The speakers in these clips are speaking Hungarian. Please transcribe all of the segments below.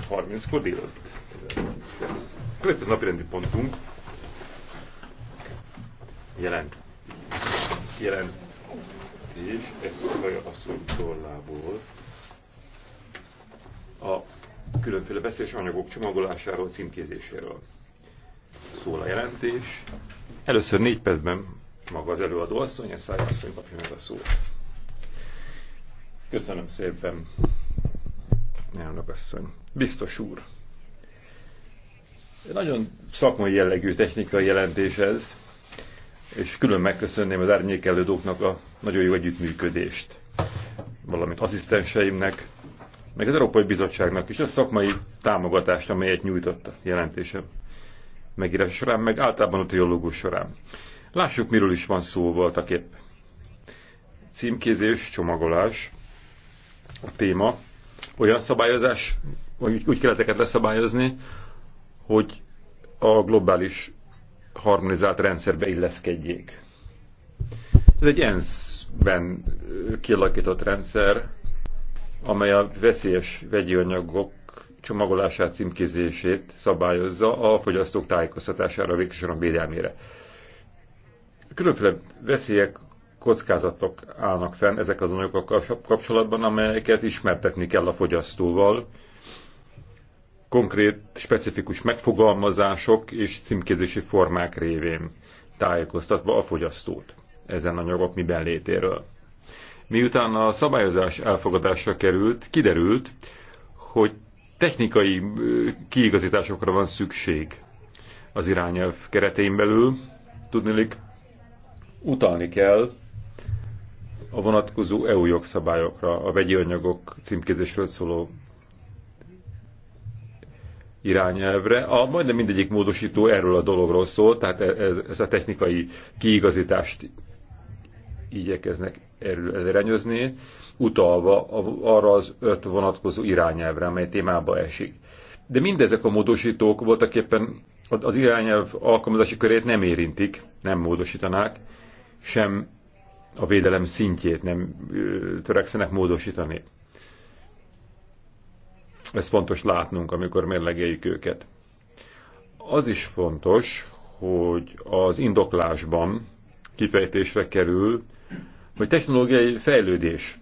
11.30-kor délelőtt. Következő napi rendi pontunk jelent. Jelent. És ez a szorítollából a különféle beszélés anyagok csomagolásáról, címkézéséről szól a jelentés. Először négy percben maga az előadó asszony, a szájasszony kapja meg a szót. Köszönöm szépen elnök asszony. Biztos úr. Nagyon szakmai jellegű technikai jelentés ez, és külön megköszönném az árnyékelődóknak a nagyon jó együttműködést, valamint asszisztenseimnek, meg az Európai Bizottságnak is a szakmai támogatást, amelyet nyújtott a jelentésem megírás során, meg általában a teológus során. Lássuk, miről is van szó voltak épp. Címkézés, csomagolás, a téma, olyan szabályozás, vagy úgy kell ezeket leszabályozni, hogy a globális harmonizált rendszerbe illeszkedjék. Ez egy ENSZ-ben kialakított rendszer, amely a veszélyes vegyi anyagok csomagolását, címkézését szabályozza a fogyasztók tájékoztatására, végsősorban védelmére. Különféle veszélyek kockázatok állnak fenn ezek az anyagok kapcsolatban, amelyeket ismertetni kell a fogyasztóval. Konkrét, specifikus megfogalmazások és címkézési formák révén tájékoztatva a fogyasztót ezen anyagok miben létéről. Miután a szabályozás elfogadásra került, kiderült, hogy technikai kiigazításokra van szükség az irányelv keretein belül. Tudnilik utalni kell a vonatkozó EU jogszabályokra, a vegyi anyagok címkézésről szóló irányelvre. A majdnem mindegyik módosító erről a dologról szól, tehát e- ez, ez a technikai kiigazítást igyekeznek erről elirányozni, utalva arra az öt vonatkozó irányelvre, amely témába esik. De mindezek a módosítók voltak éppen az irányelv alkalmazási körét nem érintik, nem módosítanák, sem a védelem szintjét nem törekszenek módosítani. Ez fontos látnunk, amikor mérlegeljük őket. Az is fontos, hogy az indoklásban kifejtésre kerül, hogy technológiai fejlődés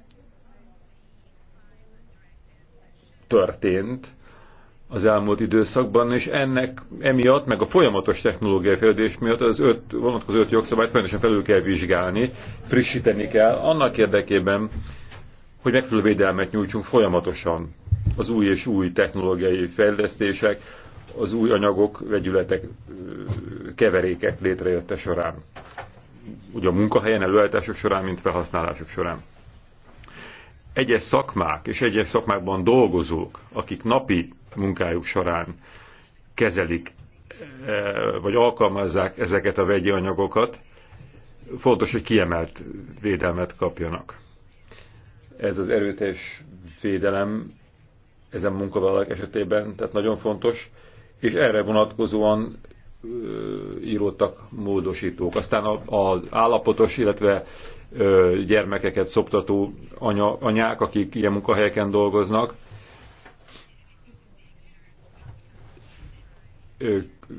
történt, az elmúlt időszakban, és ennek emiatt, meg a folyamatos technológiai fejlődés miatt az öt, vonatkozó öt jogszabályt folyamatosan felül kell vizsgálni, frissíteni kell, annak érdekében, hogy megfelelő védelmet nyújtsunk folyamatosan az új és új technológiai fejlesztések, az új anyagok, vegyületek, keverékek létrejötte során. Ugye a munkahelyen előállítások során, mint felhasználások során. Egyes szakmák és egyes szakmákban dolgozók, akik napi munkájuk során kezelik e, vagy alkalmazzák ezeket a vegyi anyagokat, fontos, hogy kiemelt védelmet kapjanak. Ez az erőteljes védelem ezen munkavállalók esetében, tehát nagyon fontos, és erre vonatkozóan íródtak módosítók. Aztán az állapotos, illetve gyermekeket szoptató anya, anyák, akik ilyen munkahelyeken dolgoznak,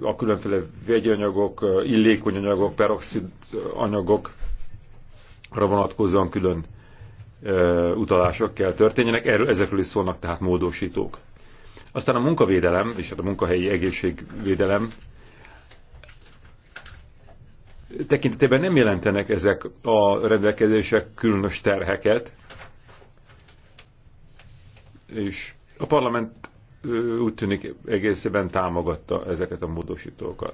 a különféle vegyi anyagok, illékony anyagok, peroxid arra vonatkozóan külön utalások kell történjenek, erről, ezekről is szólnak tehát módosítók. Aztán a munkavédelem és hát a munkahelyi egészségvédelem tekintetében nem jelentenek ezek a rendelkezések különös terheket, és a parlament úgy tűnik egészében támogatta ezeket a módosítókat.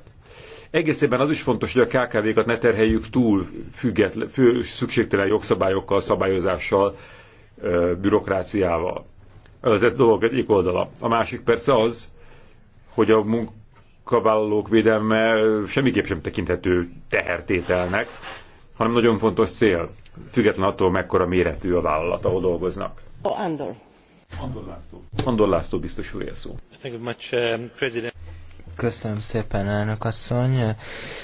Egészében az is fontos, hogy a KKV-kat ne terheljük túl független, fő, szükségtelen jogszabályokkal, szabályozással, bürokráciával. Ez egy dolog egyik oldala. A másik persze az, hogy a munkavállalók védelme semmiképp sem tekinthető tehertételnek, hanem nagyon fontos cél, független attól, mekkora méretű a vállalat, ahol dolgoznak. Oh, Andor. Andor László. biztos úr szó. Um, Köszönöm szépen, elnök asszony.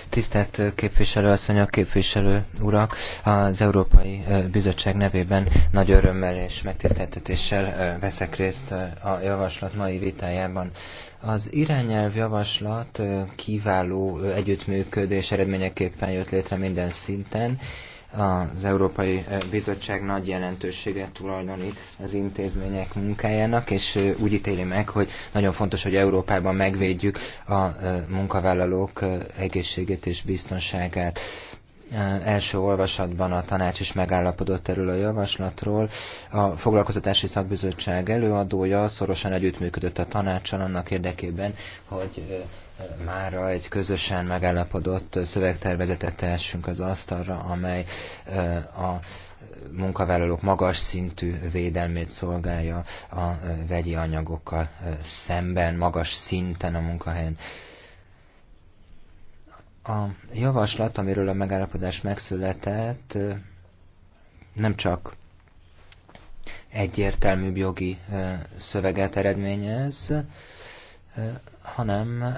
Tisztelt képviselő asszony, a képviselő urak, az Európai uh, Bizottság nevében nagy örömmel és megtiszteltetéssel uh, veszek részt uh, a javaslat mai vitájában. Az irányelv javaslat kiváló együttműködés eredményeképpen jött létre minden szinten, az Európai Bizottság nagy jelentőséget tulajdonít az intézmények munkájának, és úgy ítéli meg, hogy nagyon fontos, hogy Európában megvédjük a munkavállalók egészségét és biztonságát első olvasatban a tanács is megállapodott erről a javaslatról. A foglalkozatási szakbizottság előadója szorosan együttműködött a tanácssal annak érdekében, hogy mára egy közösen megállapodott szövegtervezetet tehessünk az asztalra, amely a munkavállalók magas szintű védelmét szolgálja a vegyi anyagokkal szemben, magas szinten a munkahelyen. A javaslat, amiről a megállapodás megszületett, nem csak egyértelmű jogi szöveget eredményez, hanem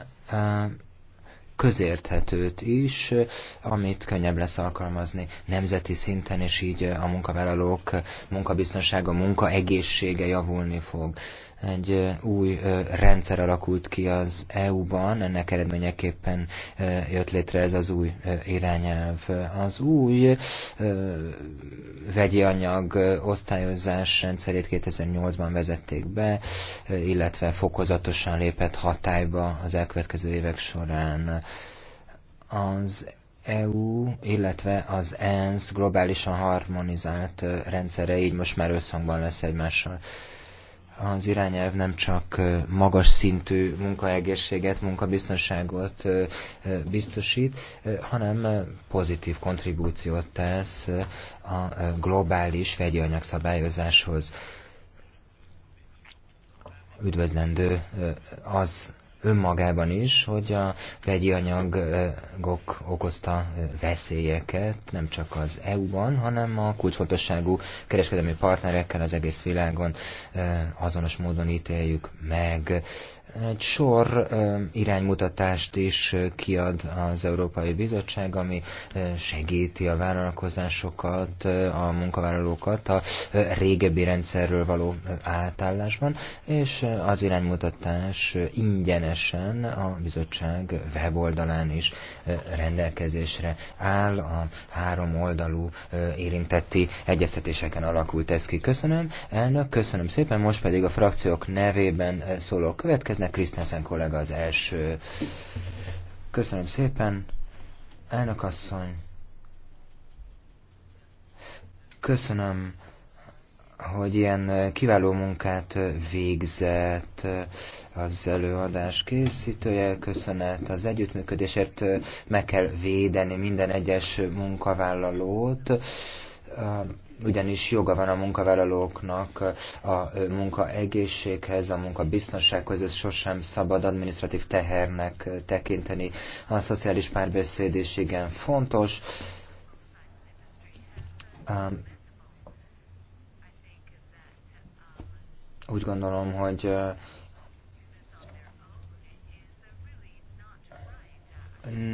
közérthetőt is, amit könnyebb lesz alkalmazni nemzeti szinten, és így a munkavállalók munkabiztonsága, munkaegészsége javulni fog egy új rendszer alakult ki az EU-ban, ennek eredményeképpen jött létre ez az új irányelv. Az új vegyi anyag osztályozás rendszerét 2008-ban vezették be, illetve fokozatosan lépett hatályba az elkövetkező évek során. Az EU, illetve az ENSZ globálisan harmonizált rendszere így most már összhangban lesz egymással az irányelv nem csak magas szintű munkaegészséget, munkabiztonságot biztosít, hanem pozitív kontribúciót tesz a globális vegyi anyagszabályozáshoz. Üdvözlendő az önmagában is, hogy a vegyi anyagok okozta veszélyeket nem csak az EU-ban, hanem a kulcsfontosságú kereskedelmi partnerekkel az egész világon eh, azonos módon ítéljük meg. Egy sor iránymutatást is kiad az Európai Bizottság, ami segíti a vállalkozásokat, a munkavállalókat a régebbi rendszerről való átállásban, és az iránymutatás ingyenesen a bizottság weboldalán is rendelkezésre áll. A három oldalú érintetti egyeztetéseken alakult ez ki. Köszönöm, elnök, köszönöm szépen, most pedig a frakciók nevében szóló következnek de Krisztensen kollega az első. Köszönöm szépen, elnökasszony. Köszönöm, hogy ilyen kiváló munkát végzett az előadás készítője. Köszönet az együttműködésért, meg kell védeni minden egyes munkavállalót ugyanis joga van a munkavállalóknak a munka a munka ez sosem szabad administratív tehernek tekinteni. A szociális párbeszéd is igen fontos. Úgy gondolom, hogy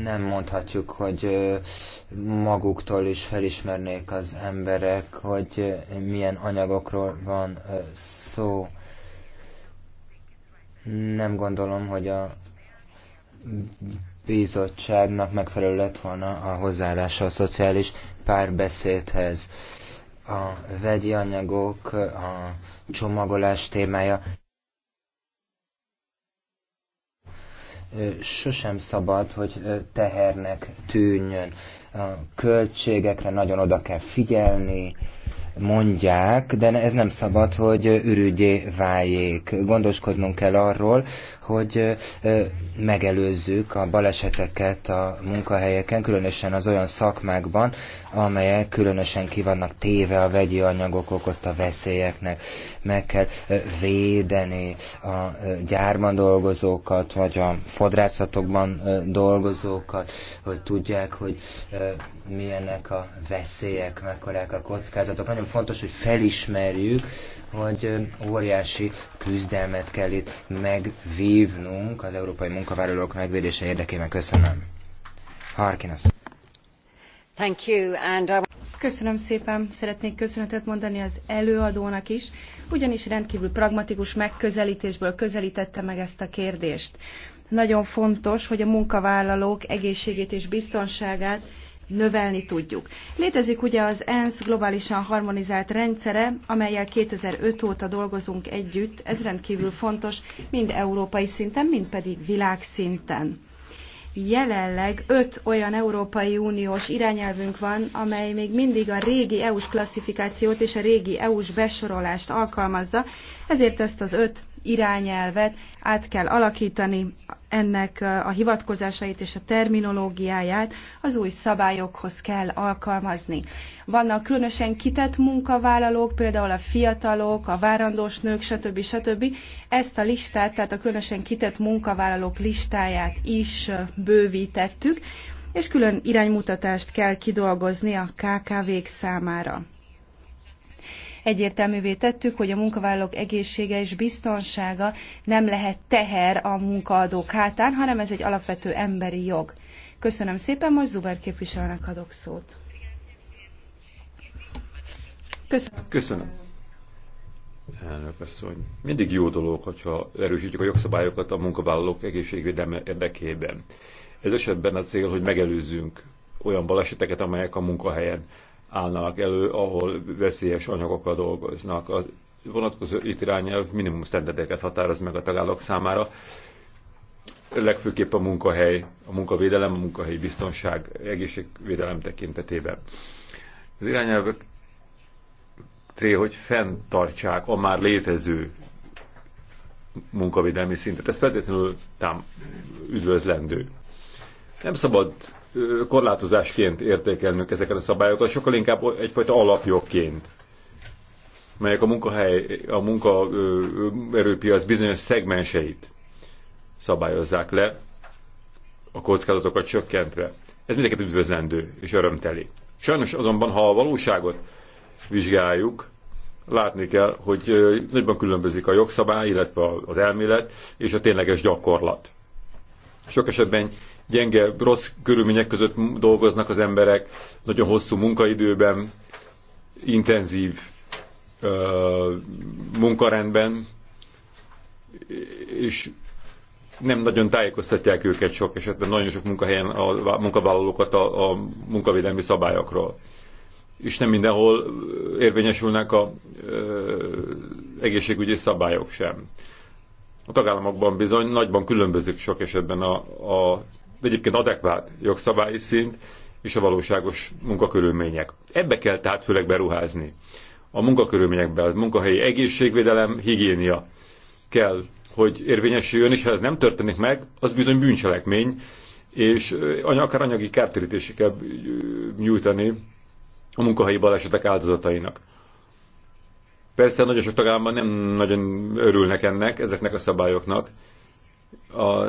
nem mondhatjuk, hogy maguktól is felismernék az emberek, hogy milyen anyagokról van szó. Nem gondolom, hogy a bizottságnak megfelelő lett volna a hozzáállása a szociális párbeszédhez. A vegyi anyagok, a csomagolás témája sosem szabad, hogy tehernek tűnjön. A költségekre nagyon oda kell figyelni, mondják, de ez nem szabad, hogy ürügyé váljék. Gondoskodnunk kell arról, hogy megelőzzük a baleseteket a munkahelyeken, különösen az olyan szakmákban, amelyek különösen vannak téve a vegyi anyagok okozta veszélyeknek. Meg kell védeni a gyárban dolgozókat, vagy a fodrászatokban dolgozókat, hogy tudják, hogy milyenek a veszélyek, mekkorák a kockázatok. Nagyon nagyon fontos, hogy felismerjük, hogy óriási küzdelmet kell itt megvívnunk az európai munkavállalók megvédése érdekében. Köszönöm. Harkin azt. Thank you, and I... Köszönöm szépen, szeretnék köszönetet mondani az előadónak is, ugyanis rendkívül pragmatikus megközelítésből közelítette meg ezt a kérdést. Nagyon fontos, hogy a munkavállalók egészségét és biztonságát növelni tudjuk. Létezik ugye az ENSZ globálisan harmonizált rendszere, amelyel 2005 óta dolgozunk együtt, ez rendkívül fontos, mind európai szinten, mind pedig világszinten. Jelenleg öt olyan Európai Uniós irányelvünk van, amely még mindig a régi EU-s klasszifikációt és a régi EU-s besorolást alkalmazza, ezért ezt az öt irányelvet át kell alakítani, ennek a hivatkozásait és a terminológiáját az új szabályokhoz kell alkalmazni. Vannak különösen kitett munkavállalók, például a fiatalok, a várandós nők, stb. stb. Ezt a listát, tehát a különösen kitett munkavállalók listáját is bővítettük, és külön iránymutatást kell kidolgozni a KKV-k számára. Egyértelművé tettük, hogy a munkavállalók egészsége és biztonsága nem lehet teher a munkaadók hátán, hanem ez egy alapvető emberi jog. Köszönöm szépen, most Zuber képviselőnek adok szót. Köszönöm. Köszönöm. Elnök asszony. Mindig jó dolog, hogyha erősítjük a jogszabályokat a munkavállalók egészségvédelme érdekében. Ez esetben a cél, hogy megelőzzünk olyan baleseteket, amelyek a munkahelyen állnának elő, ahol veszélyes anyagokkal dolgoznak. A vonatkozó irányelv minimum standardeket határoz meg a tagállamok számára, legfőképp a munkahely, a munkavédelem, a munkahelyi biztonság, egészségvédelem tekintetében. Az irányelvek cél, hogy fenntartsák a már létező munkavédelmi szintet. Ez feltétlenül tám üdvözlendő. Nem szabad korlátozásként értékelnünk ezeket a szabályokat, sokkal inkább egyfajta alapjogként melyek a munkahely, a munkaerőpiac bizonyos szegmenseit szabályozzák le, a kockázatokat csökkentve. Ez mindenképp üdvözlendő és örömteli. Sajnos azonban, ha a valóságot vizsgáljuk, látni kell, hogy nagyban különbözik a jogszabály, illetve az elmélet és a tényleges gyakorlat. Sok esetben gyenge, rossz körülmények között dolgoznak az emberek, nagyon hosszú munkaidőben, intenzív uh, munkarendben, és nem nagyon tájékoztatják őket sok esetben, nagyon sok munkahelyen a munkavállalókat a, a munkavédelmi szabályokról. És nem mindenhol érvényesülnek a egészségügyi szabályok sem. A tagállamokban bizony nagyban különbözik sok esetben a, a egyébként adekvát jogszabályi szint és a valóságos munkakörülmények. Ebbe kell tehát főleg beruházni. A munkakörülményekbe, a munkahelyi egészségvédelem, higiénia kell, hogy érvényesüljön, és ha ez nem történik meg, az bizony bűncselekmény, és akár anyagi kártérítési kell nyújtani a munkahelyi balesetek áldozatainak. Persze nagyon sok tagállamban nem nagyon örülnek ennek, ezeknek a szabályoknak. A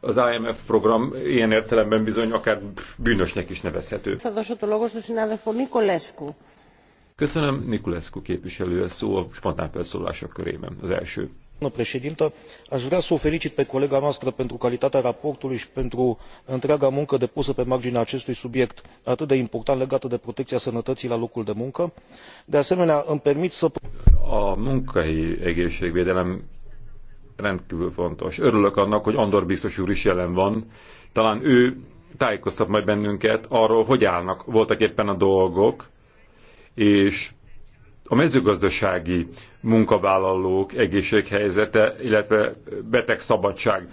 az IMF program ilyen értelemben bizony akár bűnösnek is nevezhető. Köszönöm, Nikulescu képviselő a szó a spontán felszólások körében, az első. Doamnă președintă, aș vrea să o felicit pe colega noastră pentru calitatea raportului și pentru întreaga muncă depusă pe marginea acestui subiect atât de important legat de protecția sănătății la locul de muncă. De asemenea, îmi permit să... A munkai egészségvédelem rendkívül fontos. Örülök annak, hogy Andor biztos úr is jelen van. Talán ő tájékoztat majd bennünket arról, hogy állnak voltak éppen a dolgok, és a mezőgazdasági munkavállalók egészséghelyzete, illetve beteg szabadság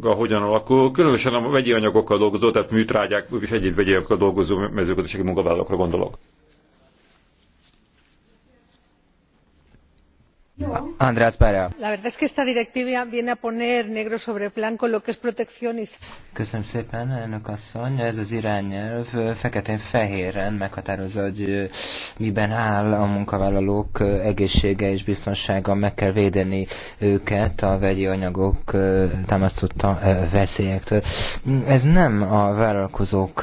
hogyan alakul, különösen a vegyi anyagokkal dolgozó, tehát műtrágyák és egyéb vegyi anyagokkal dolgozó mezőgazdasági munkavállalókra gondolok. András Perea. La verdad es que esta directiva viene a poner negro sobre blanco lo que es protección Ez az irányelv feketén-fehéren meghatározza, hogy miben áll a munkavállalók egészsége és biztonsága. Meg védeni őket a vegyi anyagok támasztotta veszélyektől. Ez nem a vállalkozók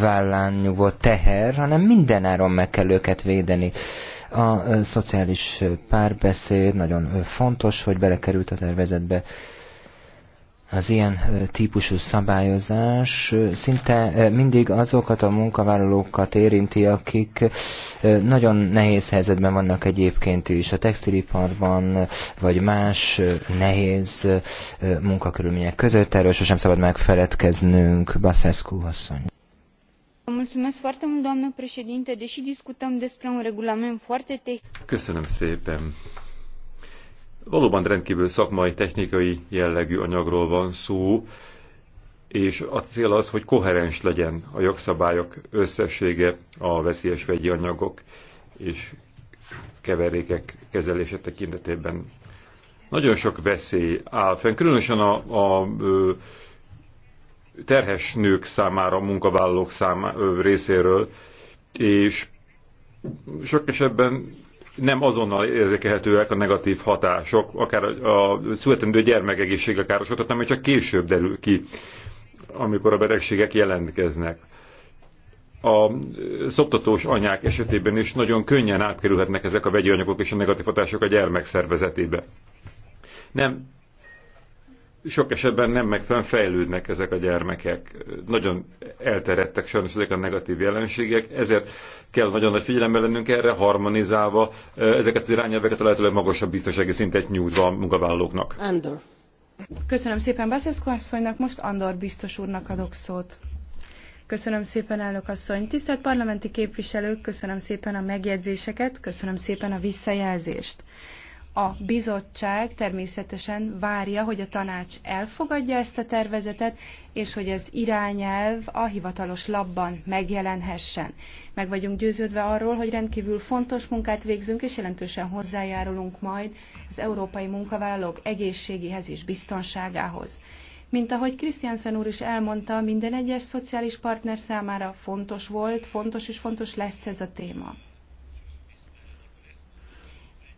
vállán nyugvó teher, hanem mindenáron meg kell őket védeni. A szociális párbeszéd nagyon fontos, hogy belekerült a tervezetbe az ilyen típusú szabályozás szinte mindig azokat a munkavállalókat érinti, akik nagyon nehéz helyzetben vannak egyébként is a textiliparban, vagy más nehéz munkakörülmények között. Erről sosem szabad megfeledkeznünk, Baszeszkú asszony doamnă președinte deși discutăm despre un regulament foarte tehnic. Köszönöm szépen. Valóban rendkívül szakmai, technikai jellegű anyagról van szó, és a cél az, hogy koherens legyen a jogszabályok összessége a veszélyes vegyi anyagok és keverékek kezelése tekintetében. Nagyon sok veszély áll fenn, különösen a, a, a terhes nők számára, munkavállalók számá, részéről, és sok esetben nem azonnal érzékelhetőek a negatív hatások, akár a születendő gyermekegészségre károsodhat, hanem csak később derül ki, amikor a betegségek jelentkeznek. A szoptatós anyák esetében is nagyon könnyen átkerülhetnek ezek a vegyi anyagok és a negatív hatások a gyermek szervezetébe. Nem sok esetben nem megfelelően fejlődnek ezek a gyermekek. Nagyon elterettek sajnos ezek a negatív jelenségek, ezért kell nagyon nagy figyelembe lennünk erre, harmonizálva ezeket az irányelveket a lehető magasabb biztonsági szintet nyújtva a munkavállalóknak. Andor. Köszönöm szépen Baszeszko asszonynak, most Andor biztos úrnak adok szót. Köszönöm szépen, elnök asszony. Tisztelt parlamenti képviselők, köszönöm szépen a megjegyzéseket, köszönöm szépen a visszajelzést. A bizottság természetesen várja, hogy a tanács elfogadja ezt a tervezetet, és hogy az irányelv a hivatalos labban megjelenhessen. Meg vagyunk győződve arról, hogy rendkívül fontos munkát végzünk, és jelentősen hozzájárulunk majd az európai munkavállalók egészségéhez és biztonságához. Mint ahogy Krisztiánszen úr is elmondta, minden egyes szociális partner számára fontos volt, fontos és fontos lesz ez a téma.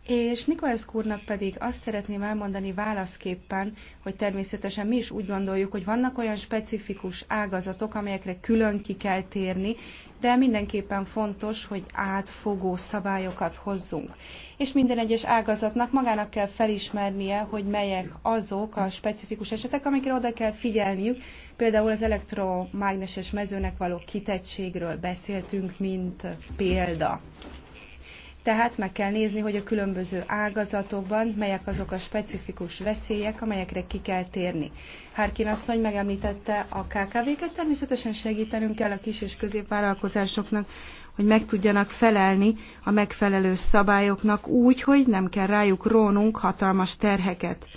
És Nikolász úrnak pedig azt szeretném elmondani válaszképpen, hogy természetesen mi is úgy gondoljuk, hogy vannak olyan specifikus ágazatok, amelyekre külön ki kell térni, de mindenképpen fontos, hogy átfogó szabályokat hozzunk. És minden egyes ágazatnak magának kell felismernie, hogy melyek azok a specifikus esetek, amikre oda kell figyelniük. Például az elektromágneses mezőnek való kitettségről beszéltünk, mint példa. Tehát meg kell nézni, hogy a különböző ágazatokban melyek azok a specifikus veszélyek, amelyekre ki kell térni. Hárkin asszony megemlítette a KKV-ket, természetesen segítenünk kell a kis és középvállalkozásoknak, hogy meg tudjanak felelni a megfelelő szabályoknak úgy, hogy nem kell rájuk rónunk hatalmas terheket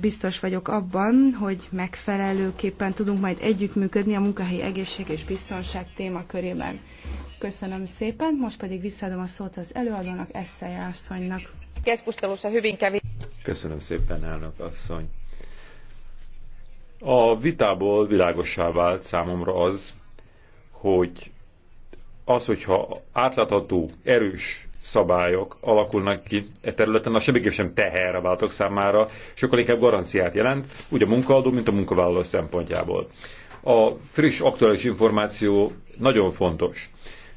biztos vagyok abban, hogy megfelelőképpen tudunk majd együttműködni a munkahelyi egészség és biztonság témakörében. Köszönöm szépen, most pedig visszaadom a szót az előadónak, Eszei asszonynak. Köszönöm szépen, elnök asszony. A vitából világossá vált számomra az, hogy az, hogyha átlátható, erős szabályok alakulnak ki e területen, a semmiképp sem teher a váltok számára, sokkal inkább garanciát jelent, úgy a munkaadó, mint a munkavállaló szempontjából. A friss, aktuális információ nagyon fontos.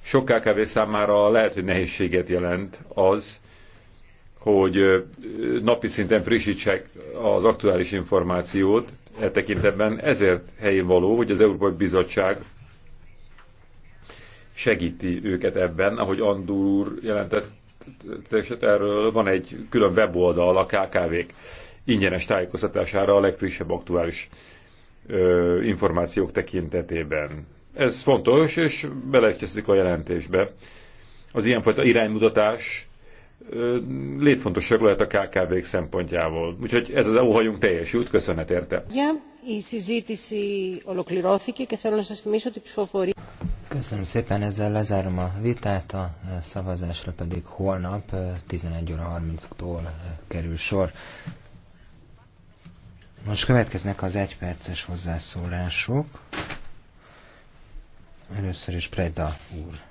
Sok KKV számára lehet, hogy nehézséget jelent az, hogy napi szinten frissítsek az aktuális információt e tekintetben. Ezért helyén való, hogy az Európai Bizottság segíti őket ebben, ahogy Andúr úr jelentett erről van egy külön weboldal a KKV-k ingyenes tájékoztatására a legfrissebb aktuális ö, információk tekintetében. Ez fontos, és beleegyezik a jelentésbe. Az ilyenfajta iránymutatás ö, létfontosság lehet a KKV-k szempontjából. Úgyhogy ez az óhajunk teljesült, köszönet érte. Yeah. Η συζήτηση ολοκληρώθηκε και θέλω να σας θυμίσω ότι ψηφοφορία... Köszönöm szépen, ezzel lezárom a vitát, a szavazásra pedig holnap 11 óra 30-tól kerül sor. Most következnek az egyperces hozzászólások. Először is Preda úr.